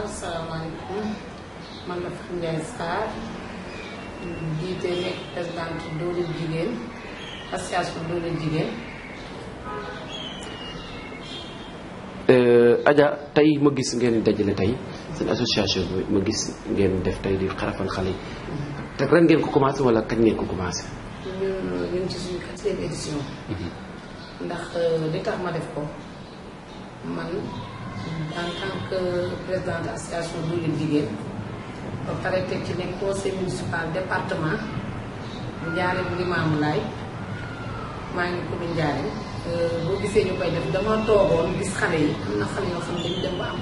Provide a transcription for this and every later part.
asalaamaaleykum man la Fatou Ndiaye Sarr jiite nekk présidente Dooleel Jigéen association Dooleel Jigéen. Euh, Adja tey ma gis ngeen dajale tey seen association ma gis ngeen def tey di xarafal xale yi te ren ngeen ko commencé wala kañ ngeen ko commencé. ñun ñu ngi ci suñu édition. Mhm. ndax euh, li tax ma def ko man en présidente association Doolin Jigéen ba pare teg ci nekk conseil municipal département Ndiarème Limamoulaye maa ngi commune Ndiarème euh, boo gisee ñu koy def dama toogoon gis xale yi am na xale yoo xam ne dañu dem ba am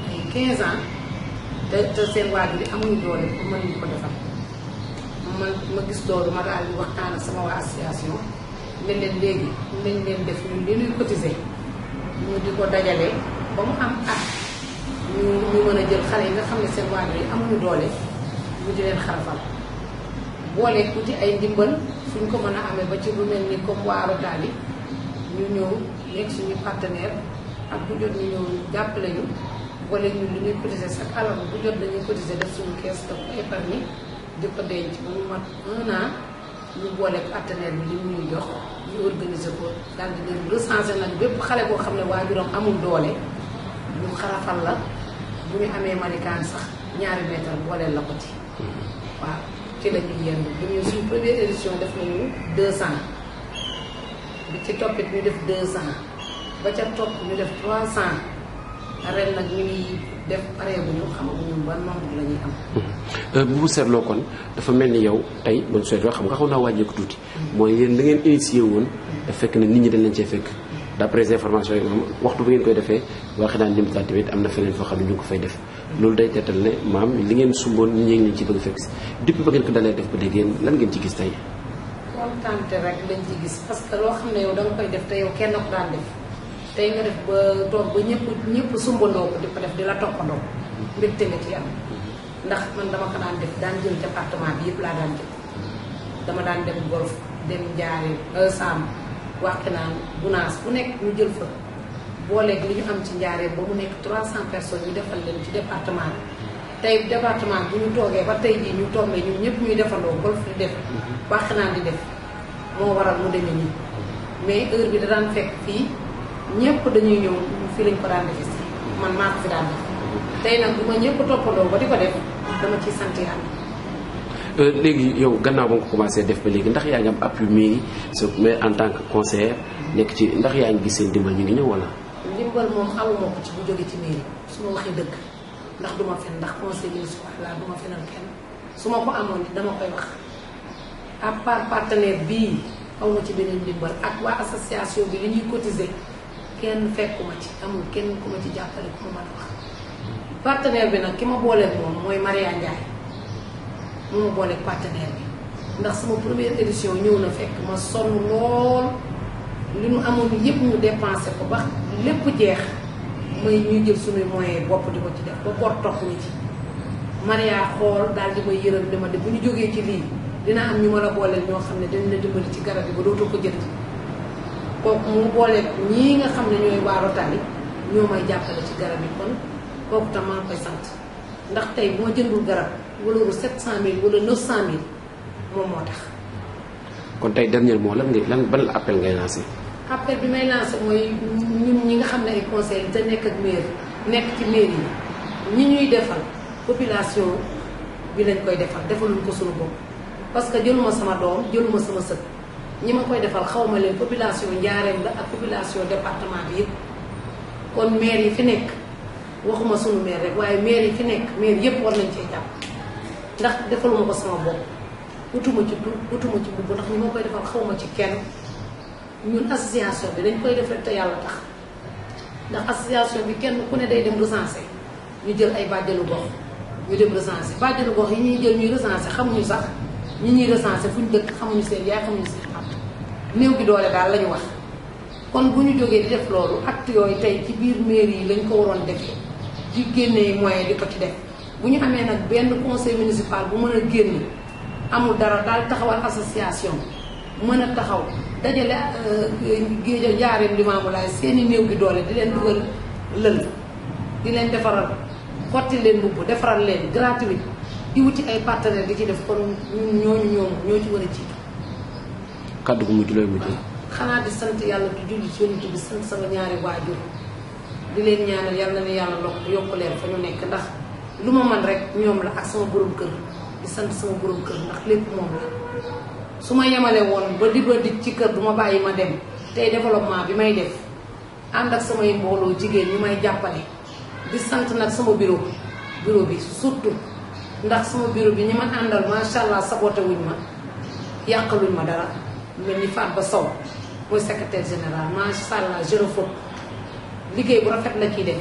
ma gis loolu ma daal di waxtaan ak sama waa association ne leen léegi nañ leen def ñun li ñuy cotiser ñu di ko dajale ba mu am at. ñu ñu mën a jël xale yi nga xam ne seen waajur yi amuñu doole ñu di leen xarafal boole ku ay ndimbal suñ ko mën a ame ba ci lu mel ni comme waa ñu ñëw nekk partenaire ak bu jot ñu ñëw jàppale ñu boole ñu lu ñuy cotiser ak alal bu jot dañuy cotiser def suñu kees daf ko épargne di denc ba mu mat un an ñu boole partenaire bi li ñuy jox ñu organiser ko daal di leen nag bépp xale boo xam ne waajuram amul doole ñu xarafal la. bu ñu amee Malikaan sax ñaari mètre booleel la ko ci. waaw ci la ñuy bu ñu suñu première édition def nañu deux ci toppit ñu def deux ba ca topp ñu def trois cent nag ñu ngi def pareeguñu xamaguñu ban nombre la ñuy am. Euh, bu mu seetloo kon dafa mel ni yow tey bu ñu seetloo xam nga xaw naa wàññeeku tuuti. Mm. mooy yéen da ngeen initié woon. da mm. fekk na nit ñi dañ leen cee fekk. d'après information yi waxtu bu ngeen koy defee waxi naan lim taa tamit am na feneen foo xam ne ñu ngi ko fay def loolu day teetal ne maam li ngeen sumboon ñi ngeen ci bëgg fekk si depuis ba ngeen ko dalee def ba dégg lan ngeen ci gis tey kontante rek lañ ci gis parce que loo xam ne yow da nga koy def te yow kenn ko daan def tey nga def ba toog ba ñëpp ñëpp sumbandoo ko di ko def di la toppandoo mbégte nga ci ndax man dama ko daan def daan jël département bi yëpp laa daan jël dama daan dem golf dem jaare sam waxtaan gunaas bu nekk ñu jël fa booleeg li ñu am ci njaareem ba mu nekk 300 personnes ñu defal leen ci département bi tey département bi ñu toogee ba tey jii ñu tombé ñu ñëpp ñuy defandoo golf di def waxtaan di def moo waral mu demee nii mais heure bi da daan fekk fii ñëpp dañuy ñëw fii lañ ko daan defe si man maa ko fi daan def tey nag bu ma ñëpp toppandoo ba di ko def dama ciy sant Euh, léegi yow gannaaw ba nga ko commencé def ba léegi ndax yaa ngi am appui mairie sa mais en tant que conseiller nekk ci ndax yaa ngi gis seen dimbal ñu ngi ñëw wala. dimbal moom xamuma ko ci bu jógee ci mairie su ma waxee dëgg ndax du fen ndax conseil municipal laa du ma fenal su ma ko amoon dama koy wax à part partenaire bii aw ci beneen dimbal ak waa association bi li ñuy cotiser kenn fekkuma ci amul kenn ku ma ci jàppale ku ma mën a wax moo ma booleeg bi ndax sama première édition ñëw na fekk ma sonn lool li mu amoon yëpp ñu dépensé ko ba lépp jeex may ñuy jël suñuy moyens bopp di ko ci def ba koor topp ñu ci Maria xool daal di may yërëm di ma def bu ñu jógee ci lii dinaa am ñu ma la booleel ñoo xam ne dañ la dimbali ci garab yi ba dootoo ko jënd kooku mu booleeg ñii nga xam ne ñooy waa Rotary ñoo may jàppale ci garab yi kon kooku tam maa ngi koy sant ndax tey bu ma jëndul garab wala sept cent mille wala neuf cent mille moom moo tax. kon tey dernier mot lan ngay lan ban appel ngay lancé. appel bi may lancé mooy ñun ñi nga xam ne ay conseil te nekk ak maire nekk ci maire yi ñuy defal population bi lañ koy defal defaluñ ko suñu parce que jëluma sama doom jëluma sama sët ñi ma koy defal xaw leen population njaareem la ak population département bi kon maire yi fi nekk waxuma sunu maire waaye maire yi fi nekk maire yëpp war nañ ci jàpp. ndax defaluma ko sama bopp utuma ci du utuma ci bubb ndax ñu ma koy defal xawma ci kenn ñun association bi dañ koy def rek te yàlla tax ndax association bi kenn ku ne day dem recensé ñu jël ay bàjjalu gox ñu dem recensé bàjjalu gox yi ñuy jël ñuy recensé xamuñu sax ñi ñuy recensé fu ñu dëkk xamuñu seen yaay xamuñu seen at néew gi doole daal lañu wax kon bu ñu jógee di def loolu acte yooyu tey ci biir mairie yi lañ ko waroon defee di génnee moyen di ko ci def bu ñu amee nag benn conseil municipal bu mën a génn amul dara daal taxawal association mën a taxaw dajale euh, géejo njaareem limaamu laay seeni néew gi doole di leen dugal lël di leen defaral xotti leen mbubb defaral leen gratuit di wuti ay partenaires di ci def kon ñun ñooñu ñoom ñoo ci war a jiitu. kàddu gu mujj lay mujj. xanaa di sant yàlla di julli ci yonent bi sant sama ñaari waajur di leen ñaanal yàlla na yàlla yokk leen fa ñu nekk ndax. luma man rek ñom la ak sama borom kër di sant sama borom kër ndax lepp mom la suma ma won ba di ba di ci kër duma ma ma dem tay développement bi may def and ak sama mbolo jigéen ñu may jappalé di sant nak sama biro biro bi surtout ndax sama biro bi andal ma sha allah saboté wuñ ma yàqaluñ ma dara mel ni faat ba saw mooy secrétaire général sha allah je liggéey bu rafet la ciy def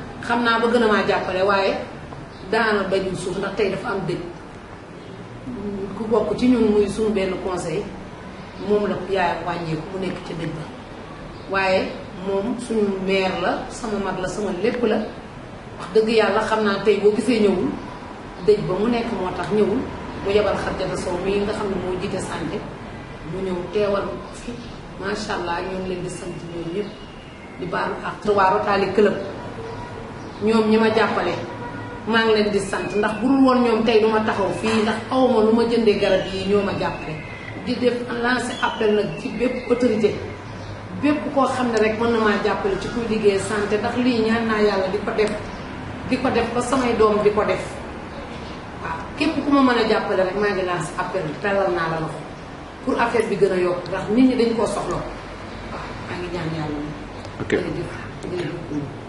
xam naa ba gën a maa jàppale waaye daana dajul suuf ndax tey dafa am dëj ku bokk ci ñun muy suñu benn conseil moom la yaayam wàññeeku mu nekk ca dëj ba waaye moom suñu meer la sama mag la sama lépp la wax dëgg yàlla xam naa tey boo gisee ñëwul dëj ba mu nekk moo tax ñëwul mu yebal Xadijata Sow mii nga xam ne moo jiite santé mu ñëw teewal ko fi macha allah ñoo ngi leen di sant ñooñu ñëpp di baalu ak waa Rotary Club ñom ñima jappalé ma ngi leen di sante ndax bu dul woon ñoom tey du taxaw fi ndax aw luma jëndé garab yi ñoma jappalé di def lancer appel nak ci bép autorité bép ko xamné rek mëna ma jappalé ci kuy liggéey sante ndax li ñaan na yalla di ko def di ko def ba samay doom di ko def wa képp ku ma mën a rek ma ngi lancer appel pelal na la loxo pour affaire bi gëna yok ndax nit ñi dañ ko soxlo waaw maa ngi ñaan yàlla ok jërëjëf jërëjëf